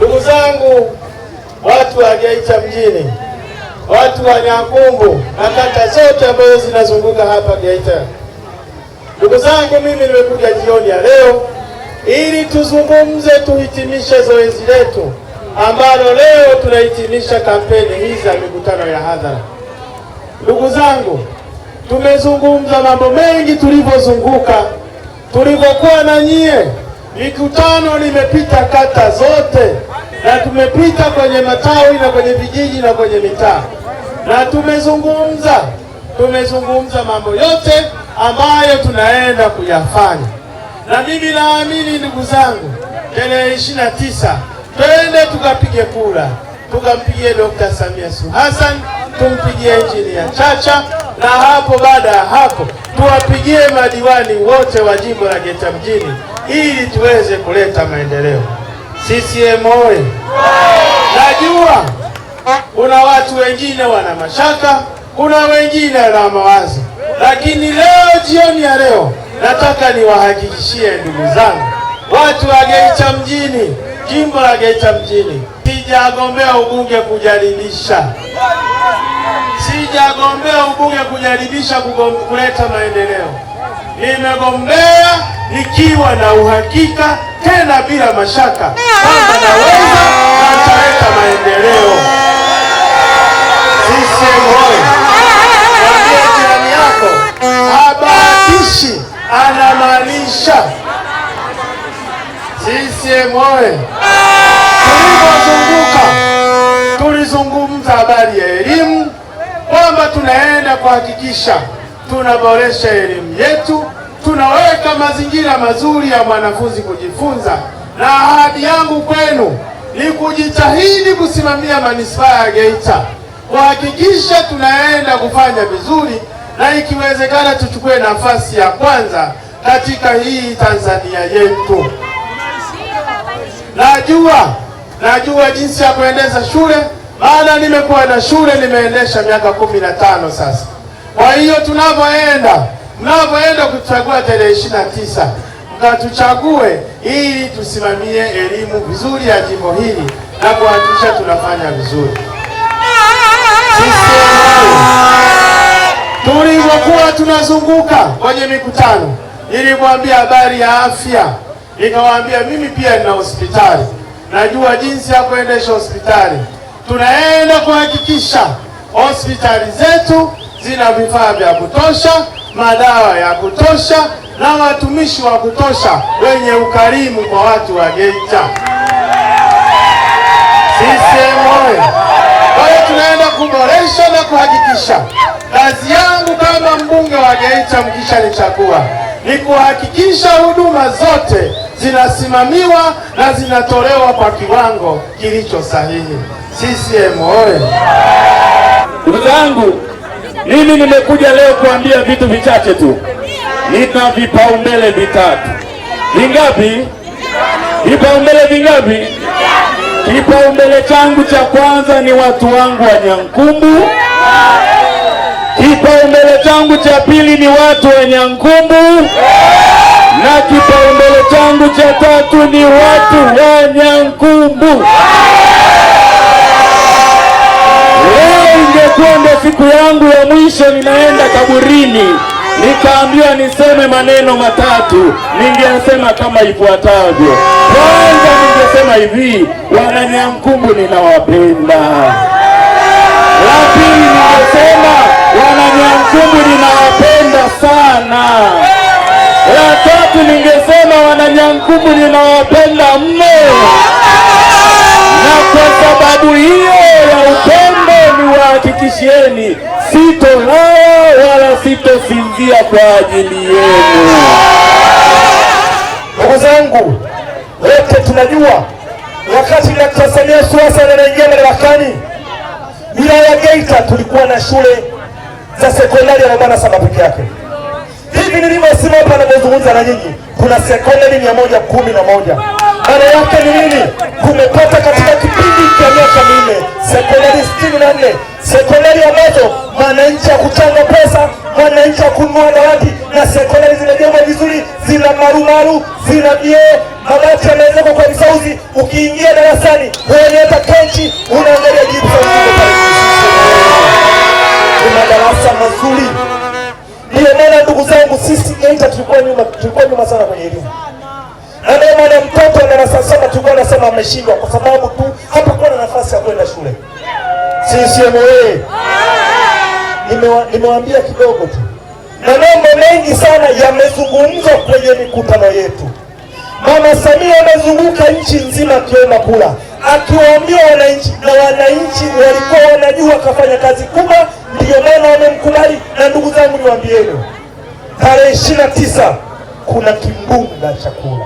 Ndugu zangu, watu wa Geita mjini, watu wa Nyankumbu na kata zote ambazo zinazunguka hapa Geita, ndugu zangu, mimi nimekuja jioni ya leo ili tuzungumze, tuhitimishe zoezi letu ambalo leo tunahitimisha kampeni hii za mikutano ya hadhara. Ndugu zangu, tumezungumza mambo mengi tulivyozunguka, tulivyokuwa na nyie. Mikutano nimepita kata zote na tumepita kwenye matawi na kwenye vijiji na kwenye mitaa na tumezungumza, tumezungumza mambo yote ambayo tunaenda kuyafanya, na mimi naamini ndugu zangu, tarehe ishirini na tisa twende tukapige kura, tukampigie dokta Samia Suluhu Hassan, tumpigie injini ya Chacha, na hapo baada ya hapo tuwapigie madiwani wote wa jimbo la Geita mjini ili tuweze kuleta maendeleo. CCM oye! Najua kuna watu wengine wana mashaka, kuna wengine wana mawazo, lakini leo jioni ya leo nataka niwahakikishie ndugu zangu, watu wa Geita mjini, jimbo la Geita mjini, sijagombea ubunge kujaribisha sijagombea ubunge kujaribisha kuleta maendeleo nimegombea nikiwa na uhakika tena bila mashaka kwamba naweza nataleta maendeleo. CCM oyee! jirani yako habatishi, anamaanisha CCM oyee! Tulipozunguka tulizungumza habari ya elimu kwamba tunaenda kuhakikisha tunaboresha elimu yetu, tunaweka mazingira mazuri ya mwanafunzi kujifunza, na ahadi yangu kwenu ni kujitahidi kusimamia manispaa ya Geita kuhakikisha tunaenda kufanya vizuri na ikiwezekana tuchukue nafasi ya kwanza katika hii Tanzania yetu. Najua, najua jinsi ya kuendesha shule, maana nimekuwa na shule nimeendesha miaka kumi na tano sasa. Kwa hiyo tunapoenda mnapoenda kutuchagua tarehe ishirini na tisa mkatuchague ili tusimamie elimu vizuri ya jimbo hili na kuhakikisha tunafanya vizuri. Tulivyokuwa tunazunguka kwenye mikutano, nilimwambia habari ya afya, nikawaambia mimi pia nina hospitali, najua jinsi ya kuendesha hospitali. Tunaenda kuhakikisha hospitali zetu zina vifaa vya kutosha, madawa ya kutosha na watumishi wa kutosha wenye ukarimu kwa watu wa Geita. sisiemu oye Kwa hiyo tunaenda kuboresha na kuhakikisha. Kazi yangu kama mbunge wa Geita mkishanichagua ni kuhakikisha huduma zote zinasimamiwa na zinatolewa kwa kiwango kilicho sahihi. sisiemu oye Ndugu zangu mimi nimekuja leo kuambia vitu vichache tu, nina vipaumbele vitatu. Vingapi? vipaumbele vingapi? Kipaumbele changu cha kwanza ni watu wangu wa Nyankumbu. Kipaumbele changu cha pili ni watu wa Nyankumbu, na kipaumbele changu cha tatu ni watu wa Nyankumbu. siku yangu ya mwisho ninaenda kaburini, nikaambiwa niseme maneno matatu, ningeyasema kama ifuatavyo. Kwanza ningesema hivi, wananyankumbu ninawapenda. La pili ningesema wananyankumbu ninawapenda sana. La tatu ningesema wananyankumbu ninawapenda Hakikishieni sitolala wala sitosinzia kwa ajili yenu. Ndugu zangu wote, tunajua wakati Dkt. Samia Suluhu Hassan anaingia madarakani, wilaya ya Geita tulikuwa na shule za sekondari arobaini na saba peke yake. Hivi nilivyosema hapa ninazungumza na nyinyi, kuna sekondari mia moja kumi na moja. Maana yake ni nini? Kumepata katika kipindi cha miaka minne sekondari sitini na nne sekondari ambazo mwananchi kuchanga pesa, mwananchi akununua dawati, na sekondari zimejengwa vizuri, zina marumaru, zina vioo, mabati yamewezekwa kwa misauzi. Ukiingia darasani unaeleta kenchi, unaangalia madarasa mazuri. Ndiyo maana ndugu zangu, sisi Geita tulikuwa nyuma, tulikuwa nyuma sana kwenye elimu, na ndiyo maana mtoto wa darasa saba tulikuwa nasema ameshindwa, kwa sababu tu hapakuwa na nafasi ya kwenda shule. CCM oyee! Nimewaambia kidogo tu, maneno mengi sana yamezungumzwa kwenye mikutano yetu. Mama Samia amezunguka nchi nzima akiomba kula, akiwaambia wananchi, na wananchi walikuwa wanajua akafanya kazi kubwa, ndiyo maana wamemkubali. Na ndugu zangu, niwaambieni tarehe ishirini na tisa kuna kimbunga chakula